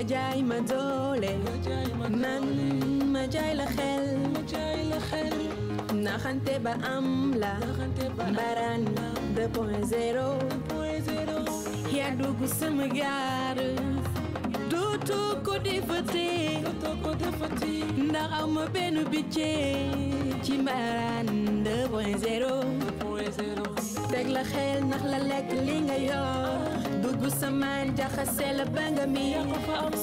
ma jaay ma doole man ma jaay la xel naxante ba am la mbaraan 2.0 yaa dugg sama gaar dootoo ko defatee ndax am ma benn bicce ci mbaraan 2.0 teg la xel ndax la lekk li nga yor dugg samaan jaxase la ba nga mi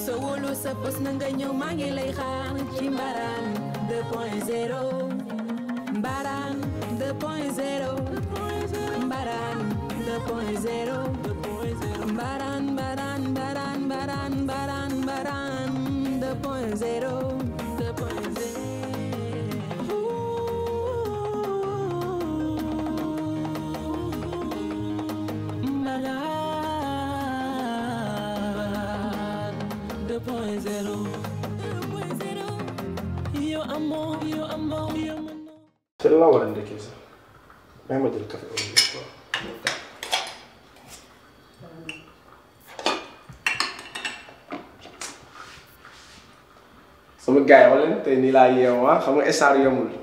sa wóolu sa bos na nga ñëw maa ngi lay xaar ci mbaraan 2.0 mbaraan 2.0 mbaraan 2.0 mbaraan mbaraan mbaraan mbaraan mbaraan 2.0 sai Allah waɗanda ke sa na majar kafa wani kuwa sama gaay wala te ni laa yeewa xam nga esar yamul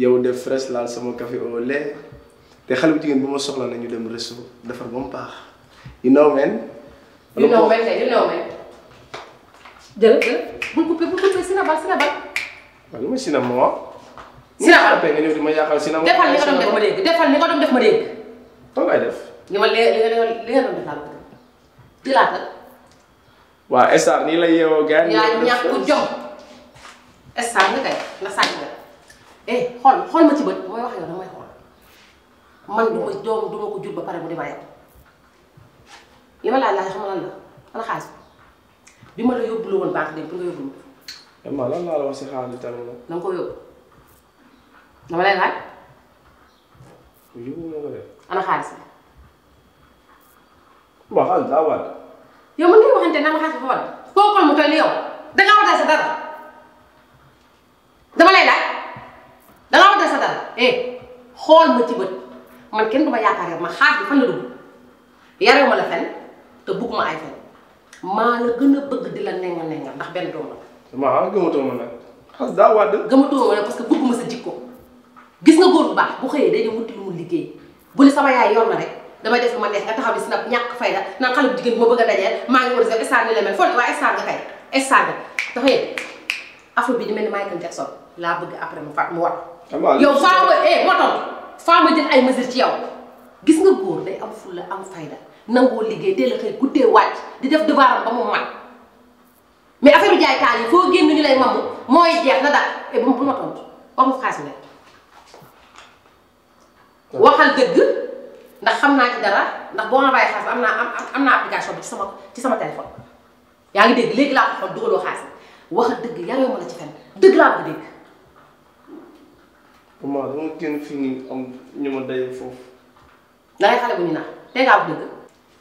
yow def fresh laal sama kafe au lait te xale bu jigéen bu ma soxla nañu dem resto defar ba you know men? you know men? you know men? jël jël bul coupé bul coupé Sina Ba Sina Ba. waaw lu ma Sina ma wax. Sina Ba nga ñëw di ma Sina ma. defal li nga doon def defal li nga doon def ma kan? ya, def. ñu ma li nga li nga doon def laa bëgg di laata. waa Estar nii la yeewoo eh xool xool ma ci bët mooy wax yow ya nag mooy xool man du ma doom du ma ko jur ba pare mu di ya, ma yow li ma laaj la xanaa xaalis. bi ma la yóbbu la woon banque dem pour nga yóbbu ma. maman lan laa la wax si xaalis tamit na nga ko yóbbu dama lay ma xaalis daa war. yow man ngay waxante nan la xaalis bi koo xool mu da ngaa watal sa dara eh, ma ci bët man kenn du ma yaakaar yow ma xaalis bi fan la dugg yarew la fen te bëgg ay fen. maa la gën a bëgg di la nengal nengal ndax benn doom la. waaw gëmatoo ma nag xas daa wàdd. gëmatoo ma nag parce que bëgguma sa jikko gis nga góor bu baax bu xëyee day dem wuti mu liggéey bu li sama yaay yor na rek damay def lu ma neex nga taxaw di si nag ñàkk fayda naan xale bu jigéen bi ma bëgg a dajeel maa ngi war a def instant ni la mel foo ne waa instant nga kay instant nga dafa yëg afro bi di mel ni Michael laa bëgg après mu fa mu war. yow faa ma eh moo tax faa ma jël ay mesures ci yow gis nga góor day am fulla am fayda nangoo liggéey teel a xëy guddee wàcc di def devoiram ba mu mat mais affaire jaaykaar yi foo génn ñu lay mamu mooy jeex na daal et bu ma tontu wax ma xaalis nga waxal dëgg ndax xam naa ci dara ndax boo envoyé xaalis am naa am naa application bi ci sama ci sama téléphone yaa ngi dégg léegi laa ko xool dugaloo xaalis waxal dëgg yaa ma la ci fenn dëgg laa bëgg dégg. comment dama génn fii nii am ñu ma daje foofu. da ngay xale bu ñu naan tey ngaa wax dëgg.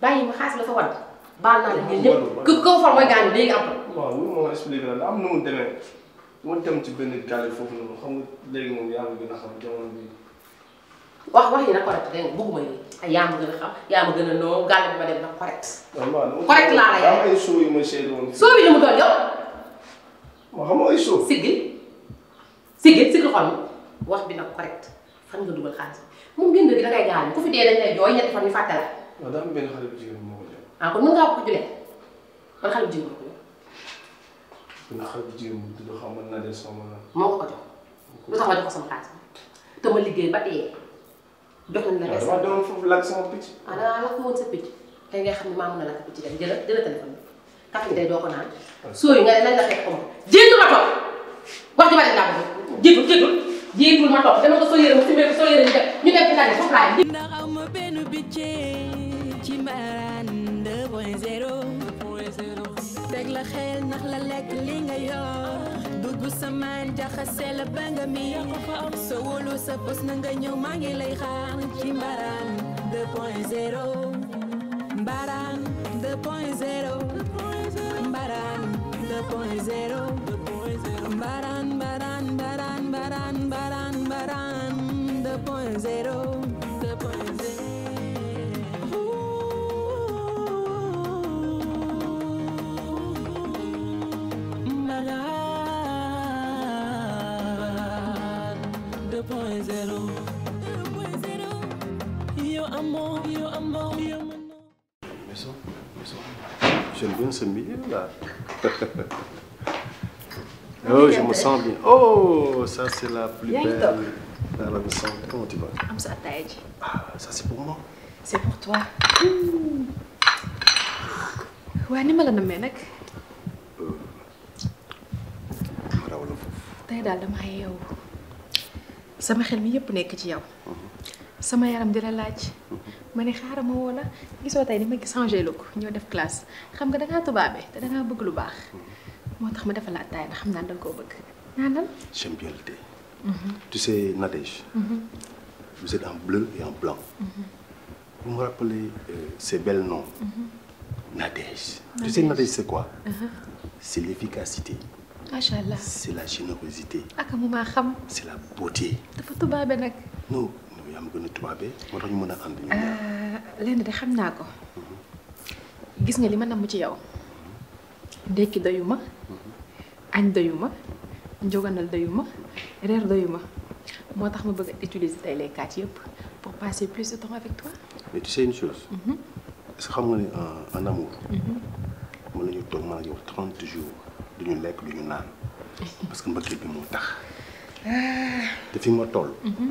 bàyyi ma xaalis la fa wadd baal naa la ñun ñëpp ku ko for mooy gaañu léegi am na. waaw loolu moom expliqué la am nu mu demee dama dem ci benn gàll foofu noonu xam nga léegi moom yaa ma gën a xam jamono bi wax wax yi na correct dégg nga bëgguma yi ay yaa ma gën a xam yaa ma gën a noo gàll bi ma dem na correct. correct laa la yaa ay soo yu ma seetlu woon. soo yi lu mu doon yow. ma xam ay soo. sigil sigil sigil xol wax bi nag correct fan nga dugal xaalis moom bind gi dangay gaañu ku fi dee dañ lay jooy ñetti fan ñu fàtte la waaw daa am benn xale bu jigéen bu ma ko la des. waaw ah, a lakk dem jëla jëla téléphone ko ah. soo yi nga ne ko soo yëre mu tibbee ko soo yëre ñu def ñu def ci tànn foofu laay. ndax am benn biccee. ci maraan deux point zéro teg la xel nax la lekk li nga yor dugg samaan jaxase la ba nga sa wóolu sa bos na nga ñëw maa ngi lay xaar ci mbaraan point zéro mbaraan deux point zéro bien ce milieu-là. oh, je me sens bien. Oh, ça c'est la plus belle. Là, là, me semble. Comment tu vas Ah, ça c'est pour moi. C'est pour toi. Ouais, ni mala namee nag. ma raw la foofu. tey daal dama yeewu sama xel mi yëpp nekk ci yow. sama yaram di la laaj ma ne xaaral ma woo la gisoo tey dama gis changé la ko ñoo def classe xam nga da ngaa tubaabe te da ngaa bëgg lu baax moo tax ma defal la attaaya ndax xam naa da nga koo bëgg naanal. j'aime bien le thé. Mhm. tu sais Nadège. Mhm. vous êtes en bleu et en blanc. Mhm. vous me rappelez euh, ces belles noms. Nadège. tu sais Nadège c'est quoi. c'est l'efficacité. macha allah c'est la générosité. ak mu maa xam. c'est la beauté. dafa tubaabe nag. non yaa ma gën a tubaabee moo tax ñu mëna and ànd ñu euh, lenn de xam ko gis nga li ma namm ci yow dékki doyu añ doyu ma njoganal doyu ma reer doyu ma bëgg utiliser tey les quatre yépp pour passer plus de temps avec toi mais tu sais une chose mhm. est-ce xam nga ni euh, en amour mhm. mën nañu toog man ak yow trente jours duñu lekk duñu naan parce que mbëggeel bi moo tax euh. te fi ma toll mhm.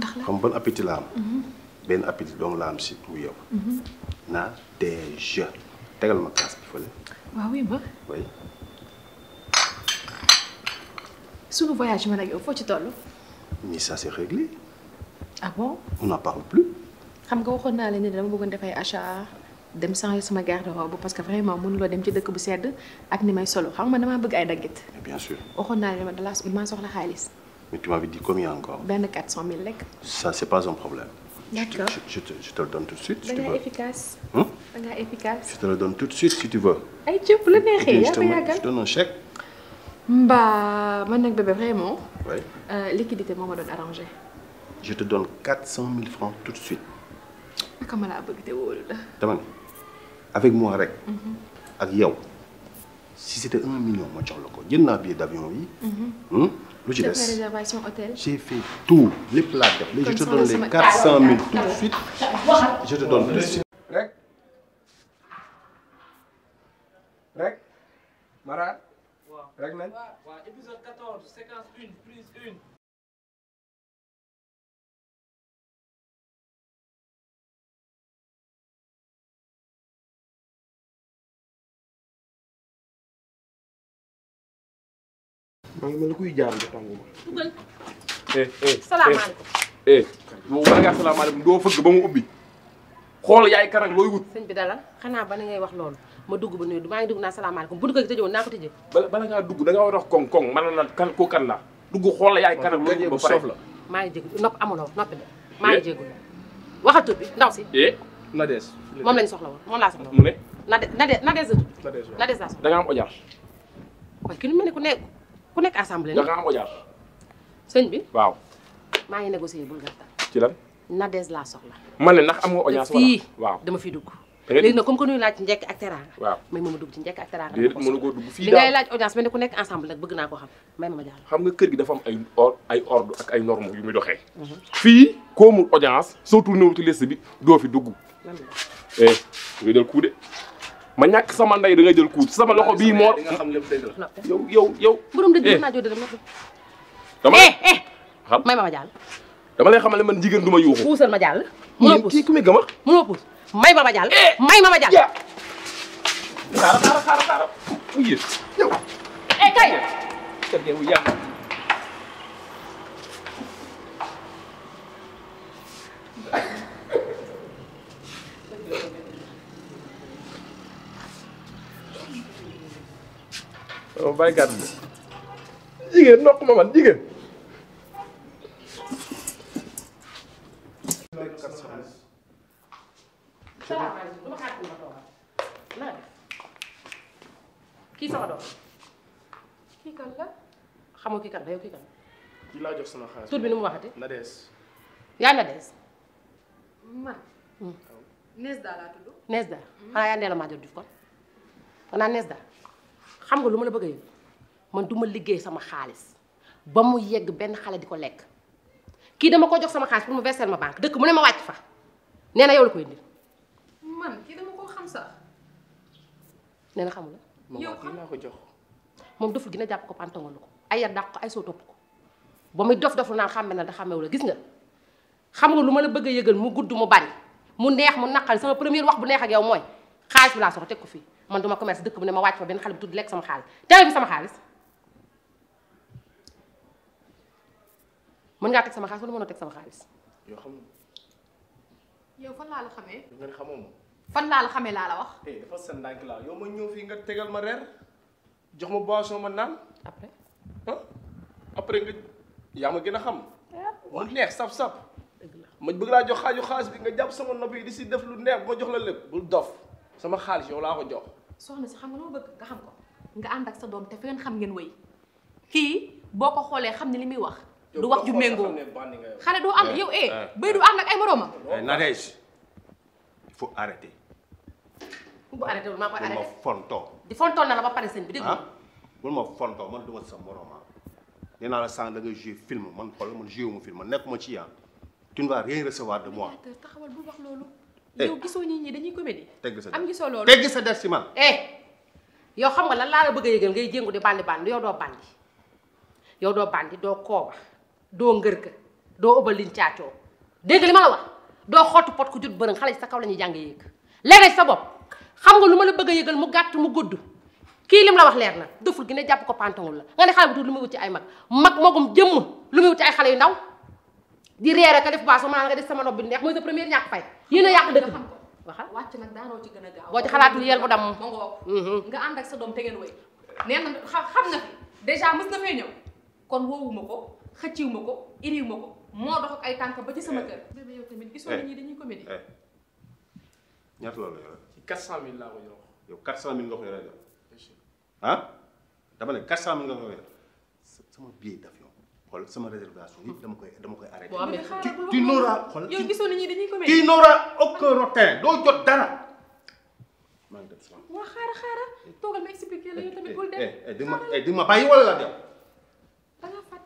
xam bon appétit la un mm-hmm. appétit la si mm-hmm. na déjà, ma oui ba. oui. Je voyage ma ci mais ça c'est réglé. ah bon. on n'en parle plus. xam nga waxoon na la dama bëggon dem sama garde-robe parce que vraiment lo dem ci dëkk bu sedd ak ni may solo xam nga dama bëgg ay bien sûr na la ma mais tu m'avais dit combien encore Ben 400 000 lek. Ça, c'est pas un problème. D'accord. Je, je, je, te le donne tout de suite. Si ben tu veux. efficace. Hum? Ben efficace. Je te le donne tout de suite si tu veux. Hey, tu veux le mériter. Hein, je, te donne un chèque. Bah, moi, bébé, vraiment. Oui. Euh, liquidité, moi, je donne arranger. Je te donne 400 000 francs tout de suite. Comment la boucle de avec moi, avec, mm -hmm. avec toi, si c'était 1 million, moi, je te le donne. d'avion, oui. Mm -hmm. hum? réservation hôtel. j'ai fait tout les plaques. je te donne les 400 000 tout de suite je te donne tout de suite. rek rek Mara épisode 14 séquence 1 prise 1. maa ngi mel kuy jaar eh eh eh moom wala ngaa salaamaaleykum doo fëgg ba mu ubbi. xool yaay karang looy wut. sëñ bi dala xanaa ba ni ngay wax loolu ma dugg ba nuyu maa ngi dugg naa salaamaaleykum bu duggee tëjee woon naa ko tëjee. bala bala ngaa dugg da ngaa war a wax koŋ na kan kan la dugg yaay wut ba pare. de eh? waxatu bi ndaw si. eh Nades. moom lañ soxla woon moom laa soxla mu ne. Nadès Nades Nadès la da nga am ki ku nekk assemblée. nga xam ko jaar. sëñ waaw. maa ngi négocier bul gàttal. ci lan. Nadège laa soxla. man ne nax am nga audience wala waaw dama fi dugg. léegi nag comme que nuy laaj ci njekk ak teraanga. waaw may ma ma dugg ci njekk ak teraanga. déedéet mënu koo dugg fii li laaj audience ne ku nekk ensemble nag bëgg naa ko xam may xam nga kër gi dafa am ay or ay ordre ak ay fii koo mu audience surtout néew ci liste bi doo fi dugg. lan la eh de. ma ñàkk sama ndey da nga jël coup sama loxo bii moo. yow yow yow. borom dëgg eh. naa jóg dëgg ma. dama eh, eh. xam may ma ma dama lay xamal man jigéen du ma yuuxu. puusal ma jàll. mënoo puus ku muy gëm may ma ma may ma ma jàll. xaaral xaaral xaaral xaaral. bàyyi gàtt bi jigéen ndox ma man jigéen. kii sama doom kii kan la xamoo kii kan la yow kii kan la. kii bi nu mu waxati. Nadès. yaa Nadès. man. Hmm. Nesda laa tudd. Nesda xanaa yaa Ndella Madior Diouf kon xanaa Nesda xam nga lu ma la bëgg a man duma liggéey sama xaaliss ba mu yegg ben xale diko lek ki dama ko jox sama xaaliss pour mu verser ma banque deuk mu ne ma wàcc fa neena yow la koy indil. man ki dama ko xam sax. neena na xamul yow xam la ko jox. mom doful gina jàpp ko pantongal ko ay yar dakk ay so top ko ba muy dof dof na xamé na da xàmmewu la gis nga xam nga luma la bëgg a yëgal mu gudd mu bañ mu neex mu nakal sama premier wax bu neex ak yow moy xaaliss bi la soxla tek ko fi man duma commerce deuk bu ne ma wàcc fa ben xalib tud lek sama xaal tay bi sama xaaliss mën ngaa teg sama xaalis wala mënoo teg xaalis. yoo xam fan laa la xamee. nga xamoo fan laa xamee laa la wax. eh dafa sën ndànk laa nga tegal ma reer ma boisson ma naan. après. ah après nga a xam. Eh? mu neex sap sap. bëgg laa jox xaaju xaalis bi nga jàpp sama nopp yi di si def lu neex ma jox la lépp bul dof sama xaalis yow laa ko jox. soxna si xam nga loo bëgg nga xam ko nga ànd ak sa doom te fi xam ngeen wéy kii boo ko xoolee xam ne li muy wax du wax ju mengo xale doo am yow eh bay du ànd ak ay moroomam. Nadège il faut arrêter. bu arrêté wul koy arrêter ma di fonto na la ba pare sen bi dégg nga. bul ma fonto man du ma sa moroma dina la sang da nga jouer film man xoolal man jouer mo film nekkuma ci ya tu ne vas rien recevoir de moi. taxawal bu wax lolu yow gisso nit ñi dañuy comédie. am gisso lolu tegg sa der ci man. eh yow xam nga lan laa la bëgg a ngay jengu di bandi bandi yow do bandi yow do bandi doo kooba. doo ngër ka doo ëbbalin caacoo dégg li ma la wax doo xottu pot ku jut bërëng xale sa kaw la ñuy jàng yéeg leeral sa bopp xam nga lu ma la bëgg a yëgal mu gàtt mu gudd kii lim la wax leer na dëful gi ne jàpp ko pantangul la nga ne xale bu tuut lu muy wut ci ay mag mag magum jëmm lu muy wut ci ay xale yu ndaw di reere ka def baaso ma nga def sama nopp bi neex mooy sa première ñàkk fay yéen a yàq dëkk bi waxal wàcc nag daanoo ci gën a gaaw boo ci xalaatul yel bu dam nga ànd ak sa doom te ngeen way nee na xam na fi dèjà mës na fee ñëw kon woowuma ko xëcciw ma ko iriw ma ko moo dox ak ay tànk ba ci sama eh. kër. bébé yow tamit gisoo eh. nit ñi dañuy comédie. Eh. ñaata loolu la ci 400000 laa ko yor. yow 400000 nga ko ah dama ne 400000 nga ko yore sama billet d'avion xool sama réservation yëpp dama koy dama koy arrêté. waaw mais xaaral bu tu n'auras xool yow gisoo nit ñi dañuy comédie. tu n'auras aucun rotin doo jot dara. maa ngi sama. waa xaaral xaaral toogal ma expliqué la yow tamit bul dem. di ma bàyyi wala la dem.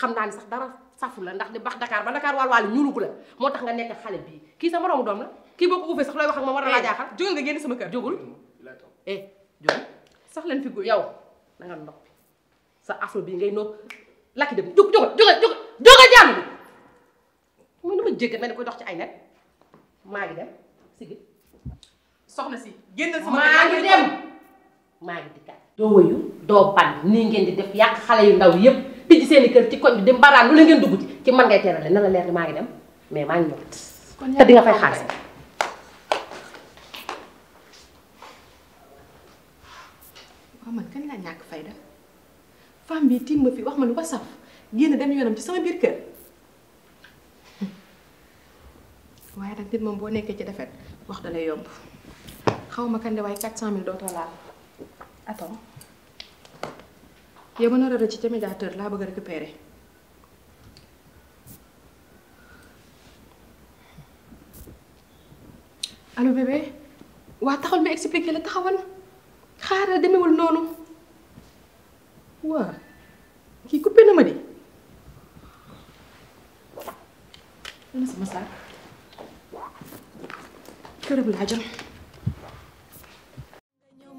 xam naa ni sax dara safu la ndax di bax Dakar ba Dakar wal wal ñuulu ko la motax nga nek xalé bi ki sama doomu doom la ki boo ko sax loy wax ak ma wara la eh, jaxal jogul nga genn sama kër jogul eh jogul sax leen fi yow da nga ndox sa afro bi ngay nok lakki dem jog jog jog jog jógal jam mo mu ma mel koy dox ci ay net ma ngi dem sigi soxna si génnal sama ma ngi dem ma ngi dikat do wayu do ban ni ngeen di def yak xalé yu ndaw yépp tijji seen i kër ci koñ bi dem mbaraan lu la ngeen dugg ci ci man ngay teerale na la leer ni maa ngi dem mais maa ngi ñëwaat te di nga fay xaalis waaw man kañ laa ñàkk fayda femme bi tiim ma fi wax ma lu ko saf génn dem yoonam ci sama biir kër waaye nag nit moom boo nekkee ci defet wax dalay yomb xaw ma kan de waaye quatre cent mille dootoo laal attends yow ma nar a ci tamit médiateur laa bëgg a récupérer allo bébé waa taxul ma expliquer la taxawal xaaral demewul noonu waa kii coupé na ma de ana sama saak kërëb laa jëm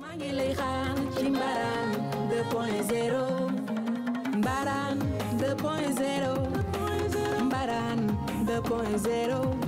maa ngi lay xaar ci mbaraan 2.0 mbaraan 2.0 mbaraan 2.0